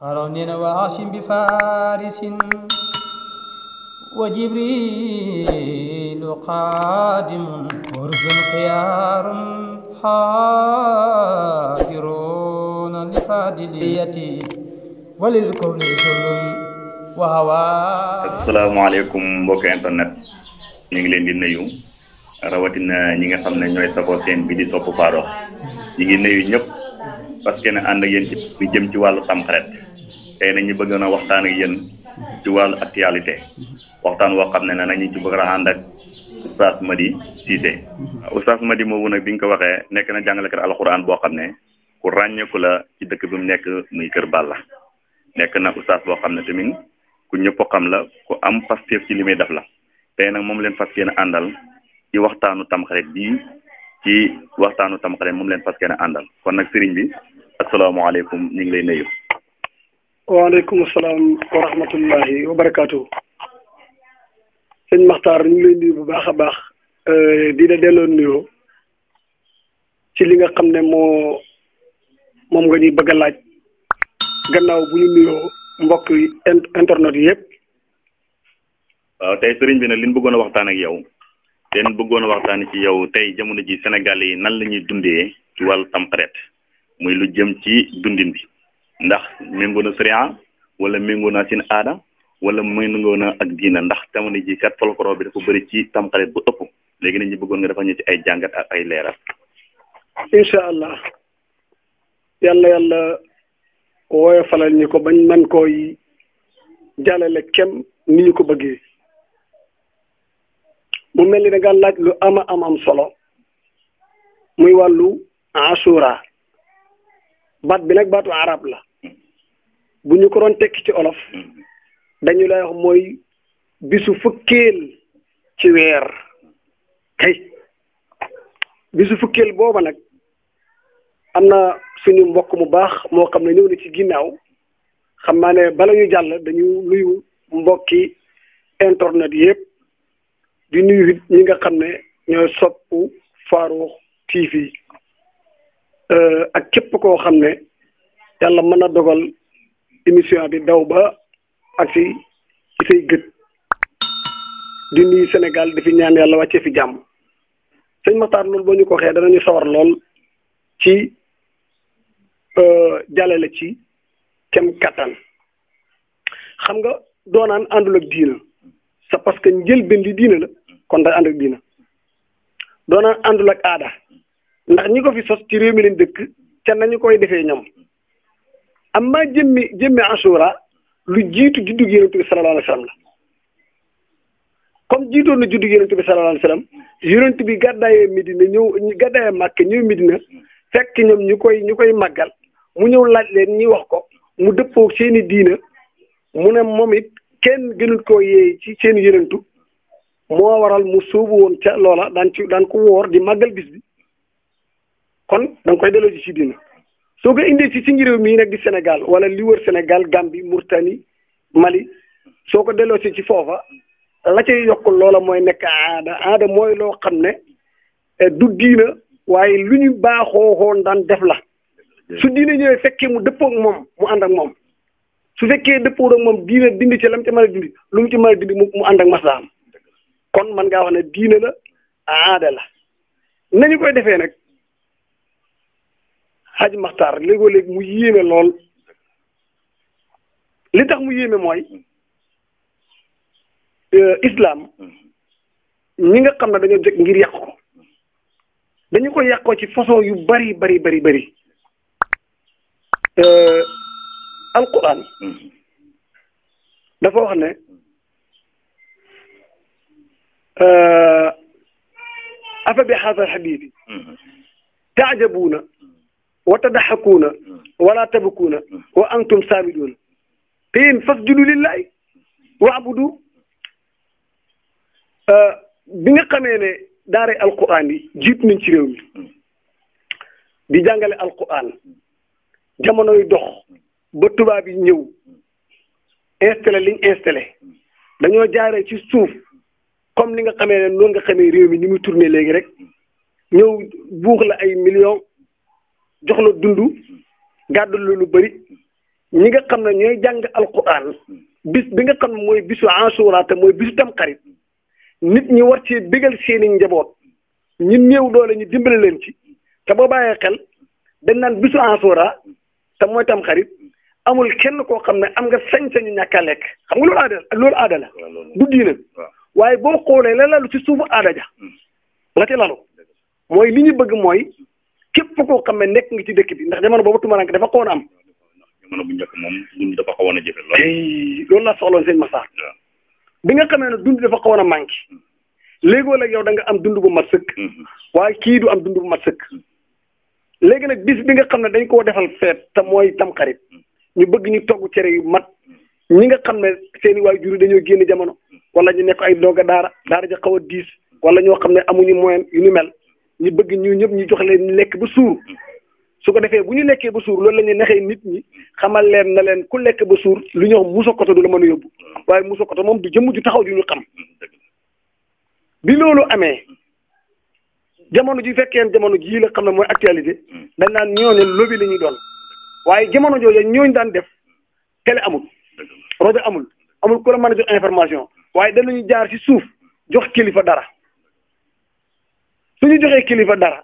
haroon nee na wa asim bi farisin wa jibrilu qadimun warsun xiyaarum li fadiliyati walil kowni kullun wa hawa asalaamaaleykum mbokk internet ñu ngi leen di nuyu rawatina ñi nga xam ne ñooy safoo seen parce que ne ànd ak yéen ci lu jëm ci wàllu tamxarit tey na ñu bëggoon a waxtaan yéen ci wàllu actualité waxtaan woo xam ne na nañu ci bëgg a ànd ak Oustaz Mady Cissé Oustaz Mady moomu nag bi ñu ko waxee nekk na jàngalekat alxuraan boo xam ne ku ràññeeku la ci dëkk bi mu nekk muy Kër Balla nekk na Oustaz boo xam ne tamit ku ñëpp xam la ku am pasteef ci li muy def la tey nag moom leen fas yéen àndal ci waxtaanu tamxarit bi ci waxtaanu tamxarit moom leen fas yéene àndal kon nag sëriñ bi asalaamaaleykum ñu ngi lay nuyu. waaleykum salaam wa rahmatullahi wa barakaatu. sëñ Maxtaar ñu ngi lay nuyu bu baax a baax. Euh, di la delloo nuyoo ci li nga xam ne moo moom nga ñuy bëgg a laaj gannaaw bu ñu nuyoo mbokk yi internet yi yëpp. waaw tey sëriñ bi nag li ñu bëggoon a waxtaan ak yow. leen bëggoon a waxtaan ci yow tey jamono ji Sénégal yi nan la ñuy dundee ci wàllu tamxarit muy lu jëm ci dundin bi ndax méngoo na sariya wala méngoo naa seen aada wala méngoo na ak diina ndax jamono ji kat folklore bi dafa bëri ci tamxarit bu ëpp léegi nag ñu bëggoon nga dafa ñu ci ay jàngat ay leeral. incha allah yàlla yàlla woyofalal ñu ko bañ man koy jàllale kem ni ñu ko bëggee. mu mel ni da nga laaj lu ama am am solo muy wàllu asura baat bi nag baatu arab la bu ñu ko doon tekki ci olof dañu lay wax mooy bisu fukkeel ci weer kay bisu fukkeel booba nag am na suñu mbokk mu baax moo xam ne ñëw na ci ginnaaw xam naa ne bala ñu jàll dañu nuyu mbokki internet yépp di nuyu ñi nga xamne ñoy ñooy soppu Farokh TV euh, ak képp ko xamne yalla mëna dogal émission bi daw ba ak ci ci say gët di nuyu Sénégal di fi ñaan yalla wacce fi jamm sëñ Matar lool boo ñu ko da nañu sawar lool ci euh, jàllale ci kem katan xam nga doonaan andul ak diina sa parce que njëlbeen li diina la kon day ànd ak diina doona àndul ak aada ndax ñi ko fi sos ci réew mi leen dëkk ca nañu koy defee ñoom am amma jëmmi jëmmi asura lu jiitu juddug yonent bi sallallahu alayhi wa comme jiitoon na juddug yonent bi sallallahu alayhi wa bi gàddaayee Medina ñëw gàddaayee Màkka ñëw Medina fekk ñoom ñu koy ñu koy màggal mu ñëw laaj leen ñi wax ko mu dëppoo seeni diina mu ne moom it kenn gënul koo yeey ci seen yonentu moo waral mu suubu woon ca loola dan ci dan ko woor di màggal bis bi kon danga koy deloo ji si diina soo ko indee ci si ngi réew mii nag di sénégal wala li wër sénégal gambi mourtani mali soo ko deloo si ci foofa la cay yokk loola mooy nekk aada aada mooy loo xam ne eh, du diina waaye lu ñu baaxoo hoon daan def la su diina ñëwee fekkee mu dëppoo ak moom mu ànd ak moom su fekkee dëppoo ak moom diina dindi ci lam ci mën a dindi lu mu ci mën a dindi mu ànd ak masaam kon man ngaa wax ne diine la aada la nañu koy defee nag xaj maxtaar léegoo léegi mu yéeme lool li tax mu yéeme mooy euh, islam ñi nga xam ne dañoo jóg ngir yàq ko dañu ko yàqoo ci façon yu bari bari bari bari euh, alquran mm-hmm. dafa wax ne afa bi haazal hadiisi taajabuuna wa tadaxakuuna wala tabkuuna wa antum saamiduuna te yéen fasjudu lillaahi waabudu bi nga xamee ne daare alquran yi jiit nañ ci réew mi di jàngale alquran jamonoy dox ba tubaab yi ñëw installé liñ installé dañoo jaaree ci suuf comme ni nga xamee noonu nga xamee réew mi ni muy tourné léegi rek ñëw buux la ay millions jox la dund gàddu la lu bëri ñi nga xam ne ñooy jàng alquran bis bi nga xam ne mooy bisu Ashura te mooy bisu Tamxarit nit ñi war ci bégal seeni njaboot ñu néew doole ñu dimbale leen ci te boo bàyyee xel dañ naan bisu Ashura te mooy amul kenn koo xam ne am nga sañ-sañu ñàkk a lekk xam nga loolu aada du diine waaye boo xoolee la lalu ci suufu adaja ja la ca lalu mooy li ñu bëgg moy képp ko xamé nek nga ci dëkk bi ndax jamono tuma rank dafa xawoon am jamono bu ñëk mom dund dafa xawona jëfé lool ay do seen massa bi nga xamé na dund dafa xawona manki légo la yow da nga am dund bu ma sëkk mm-hmm. waye ki du am dund bu ma sëkk légui nak bis bi nga xamné dañ ko defal fét ta moy tam xarit mm-hmm. ñu bëgg ñu togg yu mat mm-hmm. ñi nga xamné seen i waay juri jamono wala ñu nekk ay ndongo daara daara ja xaw a diis wala ñoo xam ne amuñu moyen yu ñu mel ñu bëgg ñu ñëpp ñu jox leen lekk ba suur su ko defee bu ñu lekkee ba suur loolu la ñuy naxee nit ñi xamal leen na leen ku lekk ba suur lu ñuy wax muso koto du la mën a waaye muso koto moom du jëmm ju taxaw ju ñu xam bi loolu amee jamono ji fekkeen jamono jii la xam ne mooy actualité dañ naan ñooñu lobi la ñuy doon waaye jamono jooju ñooñu daan def télé amul rajo amul amul ku la mën a jox information waaye danañu jaar ci suuf jox kilifa dara suñu joxee kilifa dara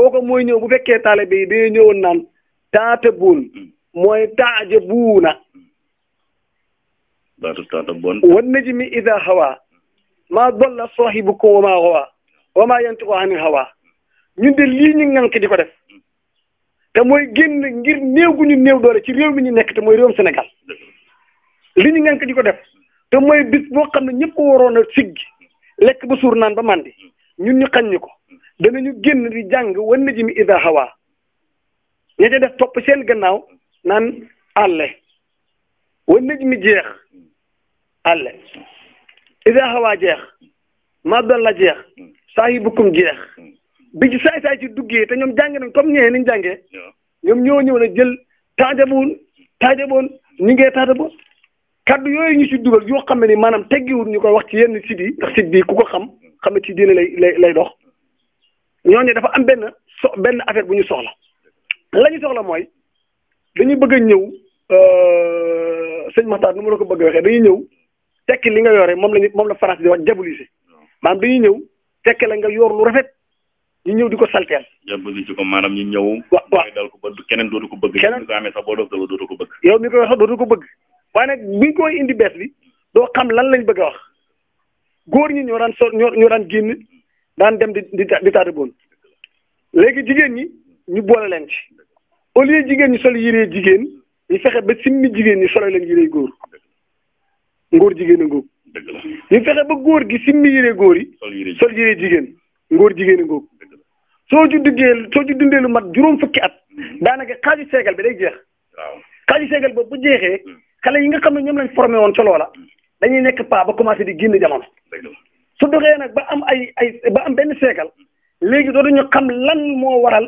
kooku mooy ñëw bu fekkee taale bi day ñëwoon naan taata buun mooy taaja buuna. baatu taata bon. wan na ji mi ida hawa maa dolla wa maa hawaa wa maa yantiqu hawa ñun de lii ñu ŋànk di def te mooy génn ngir néew gu ñu néew doole ci réew mi ñu nekk te mooy réew Sénégal li ñu ŋànk di ko def. te mooy bis boo xam ne ñëpp waroon a siggi lekk ba suur naan ba màndi ñun ñu xañ ñu ko danañu génn di jàng wa na ji mi ida hawa ña ca def topp seen gannaaw naan àlle wan na ji mi jeex àlle ida hawa jeex ma dalla jeex saahibukum jeex bi ci saay saay ci duggee te ñoom jàng nañ comme ñee niñ jàngee ñoom ñoo ñëw na jël taajaboon taajaboon ñu ngee taajaboon kaddu yooyu ñu ci dugal yoo xam ne ni maanaam teggiwul ñu koy wax ci yenn site yi ndax site ku ko xam xam ne ci diine lay lay lay dox ñooñu dafa am benn so benn affaire bu ñu soxla la ñu soxla mooy dañuy bëgg a ñëw euh, sëñ Maxtaar nu ma la ko bëgg a dañuy ñëw tekki li nga yore moom lañu moom la France di wax diaboliser maanaam dañuy ñëw tekki la nga yor lu rafet ñu ñëw di ko salteel. diaboliser ko maanaam ñu ñëw. wa waaw dal ko ba keneen dootu ko bëgg. dootu ko bëgg. yow mi koy wax sax dootu ko bëgg. waaye nag biñ koy indi bees bi doo xam lan lañ bëgg a wax góor ñi ñoo daan sol ñoo ñoo daan génn daan dem di di di taatu boon léegi jigéen ñi ñu boole leen ci au lieu jigéen ñi sol yiree jigéen ñu fexe ba simmi jigéen ñi solo leen yiree góor ngóor jigéen a ngóog ñu fexe ba góor gi simmi yiree góor yi sol yiree jigéen ngóor jigéen a ngóog soo ju duggee soo ju dundee lu mat juróom fukki at mm-hmm. daanaka xaaju seegal bi day jeex xaaju seegal boobu bu jeexee mm. xale yi nga xam ne ñoom lañ formé woon ca loola dañuy nekk pas ba commencé di génn jamono su doxee nag ba am ay ay ba am benn seekal léegi dootuñu xam lan moo waral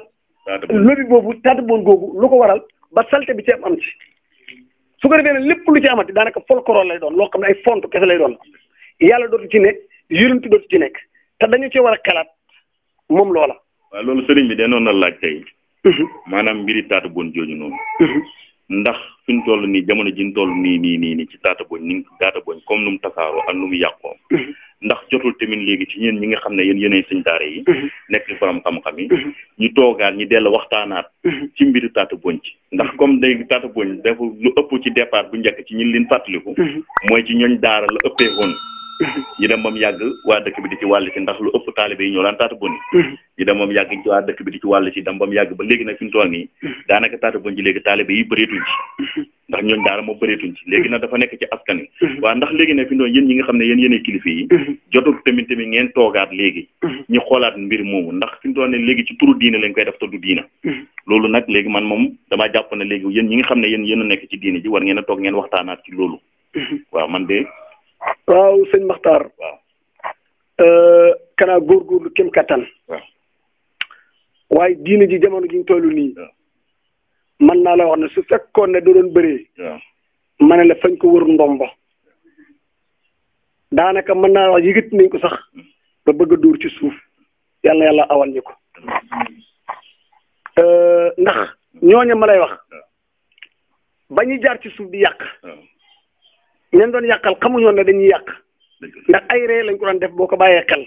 lobi boobu taata boon googu lu ko waral ba salte bi ci am am ci su ko defee nag lépp lu ci amati daanaka folklore lay doon loo xam ne ay font kese lay doon yàlla dootu ci nekk yërëntu dootu ci nekk te dañu ci war a xalaat moom loola waaw loolu sëriñ bi danoon na laaj tey mhm. maanaam mbiri taata boon jooju ndax fi ñu toll nii jamono ji ñu toll nii nii nii nii ci daata boñ ni daata boñ comme nu mu tasaaroo ak nu mu yàqoo mm-hmm. ndax jotul tamit léegi ci ñeen ñi nga xam ne yéen yéenay sëñ daara yi mm-hmm. nekk borom xam-xam yi mm-hmm. ñu toogaat ñi dell waxtaanaat ci mbiru taata boñ ci ndax comme day taata boñ dafa lu ëpp ci départ bu njëkk ci ñin leen fàttaliku mooy ci ñooñ daara la ëppee woon ñu dem moom yàgg waa dëkk bi di ci wàll si ndax lu ëpp taalibe yi ñoo daan taata boni mm-hmm. ñu dem moom yàgg ci waa dëkk bi di ci wàll ci dem moom yàgg ba léegi nag fi mu toll nii mm-hmm. daanaka taata bon ci léegi taalibe yi bëreetuñ ci mm-hmm. ndax ñooñu daara moo bëreetuñ ci léegi nag dafa nekk ci askan wi waaw ndax léegi nag fi mu ñi nga xam ne yéen yéenay kilifa yi jotul tamit tamit ngeen toogaat léegi ñu xoolaat mbir moomu ndax fi mu toll ne léegi ci turu diine lañ koy def te du diina loolu léegi man moom damaa jàpp ne léegi yéen ñi nga xam ne yéen yéen nekk ci diine ji war ngeen toog ngeen waxtaanaat ci loolu waaw man waaw sëñ Maxtaar. waaw. Euh, kanaa góorgóorlu kem kattan. waaye diine ji jamono ji ñu toll nii. man naa la wax ne su fekkoon ne da doon bëree. ma ne la fañ ko wër ndombo. daanaka mën naa wax yëgati nañ ko sax. ba bëgg a dóor ci suuf. yàlla yàlla awal ñu ko. Euh, ndax ñooñu ma lay wax. ba ñu jaar ci suuf di yàq. ñan doon yàqal xamuñu woon ne dañuy yàq ndax ay ree lañ ko doon def boo ko bàyyee xel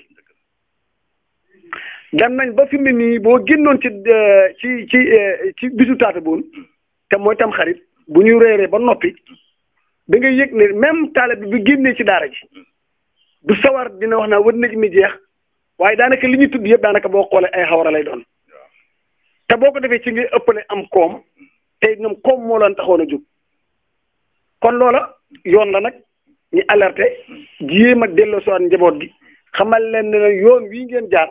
dem nañ ba fi mu ne nii boo génnoon ci euh, ci ci euh, ci bisu taata boon te mooy tam xarit bu ñu reeree ba noppi da ngay yëg ne même taale bi bu génnee ci daara ji du sawar dina wax naa wër na mi jeex waaye daanaka li ñuy tudd yëpp daanaka boo xoolee ay xawara lay doon te boo ko defee ci nga ëppale am koom te ñoom koom moo leen taxoon a jóg kon loola yoon la nag ñu alerté jéem a delloo si njaboot gi xamal leen ne yoon wii ngeen jaar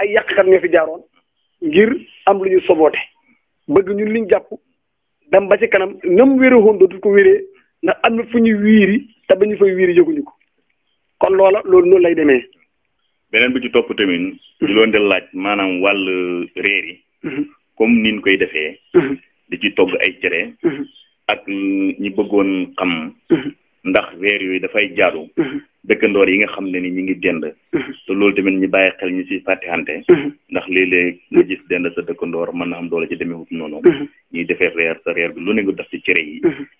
ay yàqkat ñoo fi jaaroon ngir am lu ñu soboote bëgg ñu liñ jàpp dem ba ci kanam nam wéree woon ko wéree ndax am na fu ñu wiiri te ba ñu fay wiiri yëguñu ko kon loola loolu noonu lay demee. beneen bi ci topp tamit. ñu doon laaj maanaam wàll réer yi. Mhm. comme niñ koy defee. Mhm. di ci togg ay cere. Mhm. ak ñi bëggoon xam mm-hmm. ndax weer yooyu dafay jaadu mm-hmm. dëkkandoor yi nga xam ne ni ñu ngi dend mm-hmm. te loolu tamit ñu bàyyi xel ñu si fàttixante ndax léeg nga gis dend sa dëkkandoor mën na am doole ci demewut noonu ñuy defee reer sa lu ne def ci cere yi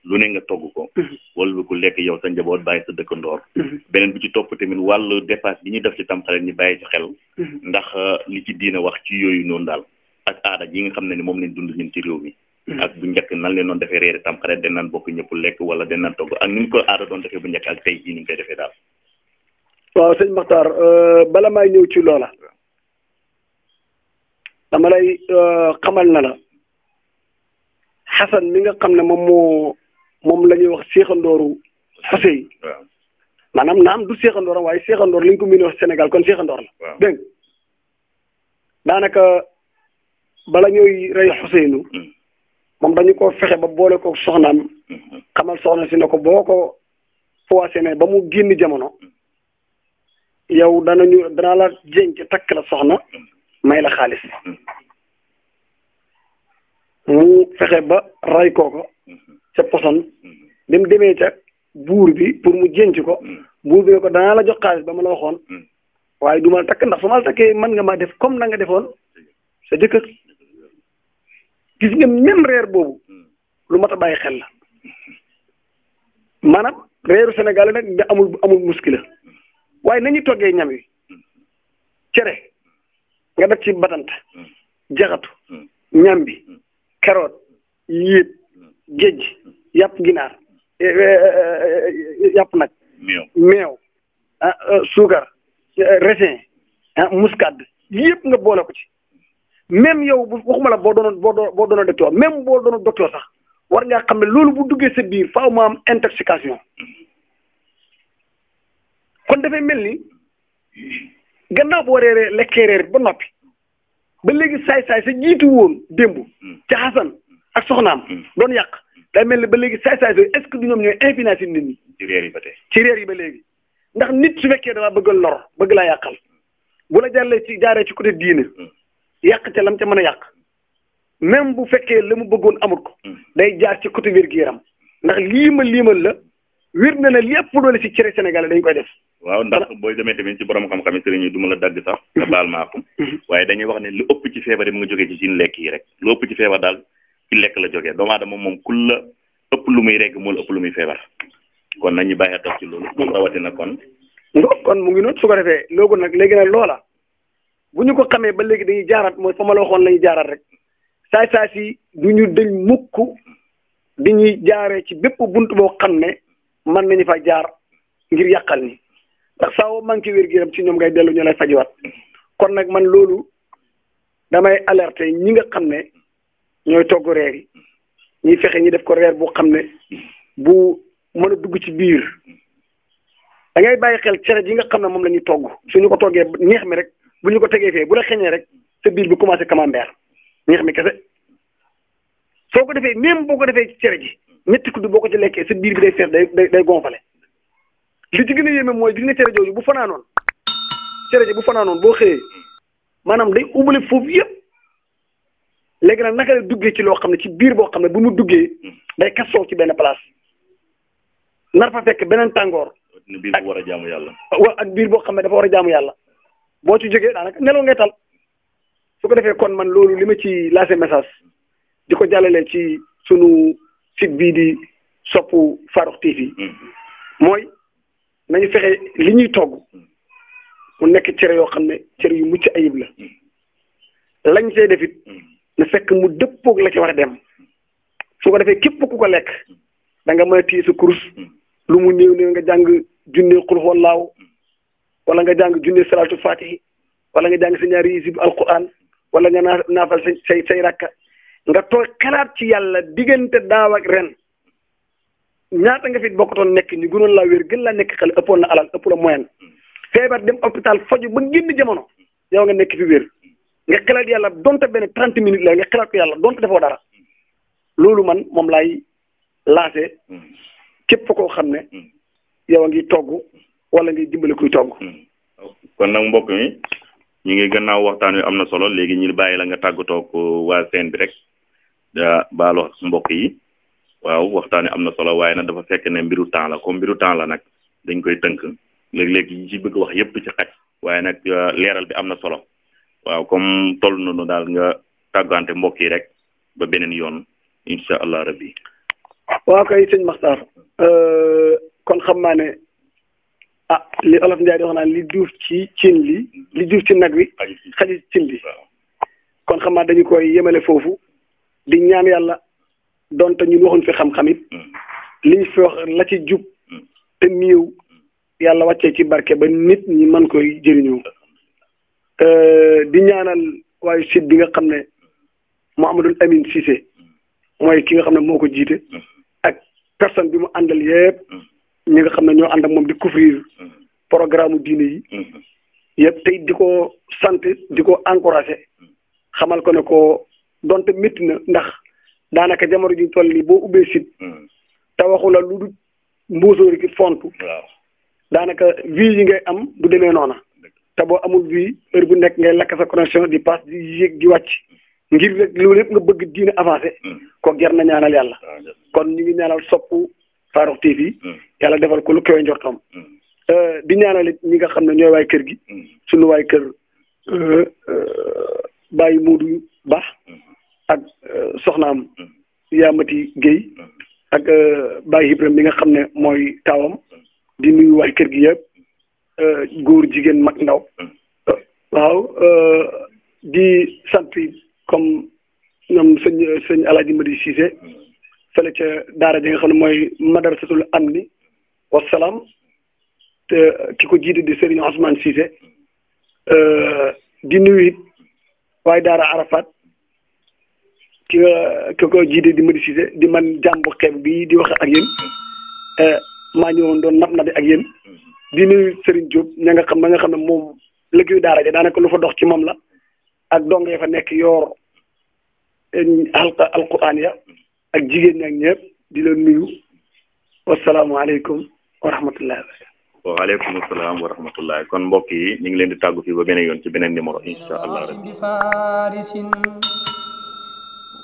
lu ne nga togg ko wala ku lekk yow sa njaboot bàyyi sa dëkkandoor beneen bi ci topp tamit wàllu dépasse bi ñuy def ci tamxarit ñu bàyyi ci xel ndax uh, li ci diina wax ci yooyu noonu daal ak aada yi nga xam ne ni moom lañ dund ñun ci réew mi Mm-hmm. ak bu njëkk nan leen doon defee réeri tamxarit dañ naan bokk ñëpp lekk wala dañ naan togg ak ni ñu ko aada doon defee bu njëkk ak tey jii ni defee daal. waaw sëñ Maxtaar euh, bala may ñëw ci loola. dama lay euh, xamal na la. xasan mi nga xam ne moom moo moom la wax seexandooru Xuseyn. waaw maanaam naam du seexandooram waaye seexandoor li ñu ko mën a wax Sénégal kon seexandoor la. waaw dégg daanaka bala rey Xuseynu mm. moom dañu ko fexe ba boole ko soxnaam xamal soxna si ne ko boo ko poissonné ba mu génn jamono yow danañu danaa la jenc takk la soxna may la xaalis mu fexe ba ray kooko ca poson bi mu demee ca buur bi pour mu jenc ko buur bi ne ko danaa la jox xaalis ba ma la waxoon waaye du ma takk ndax su ma takkee mën nga maa def comme na nga defoon sa jëkkër gis nga même reer boobu lu mat a bàyyi xel la maanaam reeru Sénégal nag nga amul amul muskila waaye nañu toggee ñam yi cere nga def ci batanta jaxatu ñambi carotte yéet géej yàpp ginaar eh, eh, eh, yàpp nag meew ah suukar raisin ah yëpp nga boole ko ci même yow bu waxuma la boo doonoon boo doon boo doonoon docteur même boo doonoon docteur sax war ngaa xam ne loolu bu duggee sa biir faaw mu am intoxication kon dafay mel ni gannaaw boo reeree lekkee reer ba noppi ba léegi saay-saay sa jiitu woon démb mm. ca xasan ak soxnaam mm. doon yàq day mel ni ba léegi saay-saay sooyu est-ce que du ñoom ñooy influencer nit ñi ci reer yi ba tey ci reer yi ba léegi ndax nit su fekkee dama bëgg lor bëgg laa yàqal bu la jàllee ci jaaree ci côté diine mm. yàq ca lam ca mën a yàq même bu fekkee la mu bëggoon amul ko mm. day jaar ci côté wér gi yaram ndax liimal liimal la wér na ne lépp doole si cere Sénégal dañ koy def. waaw ndax booy demee tamit ci borom xam-xam yi sëriñ yi du ma la dagg sax. nga baal ma àqu. Mm-hmm. waaye wax ne lu ëpp ci feebar yi mu nga jógee ci suñu lekk yi rek lu ëpp ci feebar daal ci lekk la jógee doomu aadama moom ku la ëpp lu muy rekk moo la ëpp lu muy feebar kon nañu bàyyi xel ci loolu. Mm-hmm. rawatina kon. kon mu ngi noonu su ko defee loogu nag léegi nag loola bu ñu ko xamee ba léegi dañuy jaarat mooy fa ma la waxoon lañuy jaaraat rek saay saay si du ñu dëñ mukk di ñuy jaaree ci bépp bunt boo xam ne man nañu fa jaar ngir yàqal ni ndax saa woo manqué wér-gu-yaram ci ñoom ngay dellu ñu lay fajiwaat kon nag man loolu damay alerter ñi nga xam ne ñooy togg reer yi ñuy fexe ñi def ko reer boo xam ne bu mën a dugg ci biir dangay ngay xel cere ji nga xam ne moom lañuy togg su ñu ko toggee neex mi rek bu ñu ko tegee fee bu la xeñee rek sa biir bi commencé camembert ñi nga xam ne kese soo ko defee même boo ko defee ci cere ji ñetti kudd boo ko ci lekkee sa biir bi day fees day day day gonfale li ci gën a yéeme mooy gis nga cere jooju bu fanaanoon cere ji bu fanaanoon boo xëyee maanaam day ubale foofu yëpp léegi nag naka la duggee ci loo xam ne ci biir boo xam ne bu mu duggee day kasoo ci benn place nar fa fekk beneen tàngoor. ak biir bu war jaamu yàlla. ak biir boo xam ne dafa war a jaamu yàlla. boo ci jógee daanaka nelaw ngay tal su ko defee kon man loolu li ma ci lancé message di ko jàllale ci sunu site bii di soppu Farokh TV mm-hmm. mooy nañu fexe li ñuy togg mu nekk cere yoo xam ne cere yu mucc ayib la mm-hmm. lañ see def it mm-hmm. na fekk mu dëppoog la ci war a dem su ko defee képp ku ko lekk da nga mën a téye sa kurus lu mu néew néew nga jàng junne xul laaw wala nga jàng junne salatu fatihi wala nga jàng sa ñaari isib alquran wala nga naa naafal sa say nga toog xalaat ci yàlla diggante daaw ak ren ñaata nga fit bokk bokkutoon nekk ñu gunoon la wér gën laa nekk xale ëppoon la alal ëpp la moyen feebar dem hôpital faju ba génn jamono yow nga nekk fi wér nga xalaat yàlla donte benn trente minutes la nga xalaat ko yàlla donte defoo dara loolu man moom laay laase mm. képp koo xam ne mm. yow a ngi togg wala ngay dimbali kuy togg hmm. kon nak mbokk mi ñi ngi gannaaw waxtaan wi amna solo legi ñi bàyyi la nga wae tok wa seen bi rek da balo mbokk yi waaw waxtaan wi amna solo waaye nag dafa fekk ne mbiru temps la comme mbiru temps la nag dañ koy tënk léeg-léeg yi ci bëgg wax yépp ci xaj waaye nag euh, leeral bi am solo waaw comme toll nanu daal nga tàggante mbokk yi rek ba beneen yoon insha allah rabbi waaw kay sëñ maxtaar euh, kon xam ne ah li olof Ndiaye di wax naan li duuf ci cin li li duuf ci nag wi xajul ci cin li kon xam naa dañu koy yemale foofu di ñaan yàlla donte ñun waxuñ fi xam-xam it mm. liñ fi wax la ci jub mm. te néew yàlla wàccee ci barke ba nit ñi mën koy jëriñoo euh, di ñaanal waaye site bi nga xam ne Mouhamadul Amine Cissé mm. mooy ki nga xam ne moo ko jiite ak personne bi mu àndal yépp ñi nga xam ne ñoo ànd moom di couvrir mm-hmm. programme diine yi mm-hmm. yëpp te di ko sant di ko encouragé mm-hmm. xamal ko ne ko donte métti na ndax daanaka jamono ji ñu toll nii boo ubbee site te waxu la lu du mbóosóori ki fontu daanaka vie yi ngay am du demee noona te boo amul vie heure bu nekk ngay lakk sa connexion di passe di yéeg di wàcc ngir rek loolu yëpp nga bëgg diine avancé ko jar na ñaanal yàlla kon ñu ngi ñaanal soppu Farokh TV. Hmm. yàlla defal ko lu kawe njortam. Hmm. Euh, di ñaanal ñi nga xam ne ñooy waay kër gi. Hmm. suñu waay kër euh, euh, bàyyi Moodu Ba. ak soxnaam Yaamati Guèye. ak Baye Ibrahima mi nga xam ne mooy taawam. di nuyu waay kër gi yëpp. góor jigéen mag ndaw. waaw di sant comme ñoom sëñ sëñ Alaaji Madi Cissé. fële ca daara ji nga xam ne mooy madrasatul am wasalaam te ki ko jiite di Serigne Ousmane Cissé euh, di nuyu waaye daara Arafat ki nga ki ko jiite di Madi di man jàmbu xeeb bii di wax ak yéen euh, maa ñëwoon doon nap bi ak yéen di nuyu Serigne Diop ña nga xam na nga xam ne moom liggéeyu daara ja daanaka lu fa dox ci moom la ak dong ya fa nekk yoor euh, xalqa alquran ya ak jigéen ñi ak ñëpp di la nuyu wasalaamualeykum wa rahmatullahi wa barakatu waaleykum salaam wa rahmatullah kon mbokk yi ñu ngi leen di tàggu fii ba beneen yoon ci beneen numéro insha allah rabbi farisin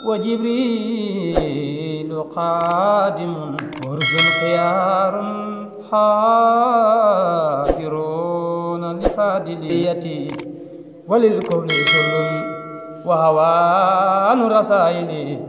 wa jibrilu qadimun ursun xiyarun xaafiruna lifadiliyati walilkowni sullun wa hawaanu rasaili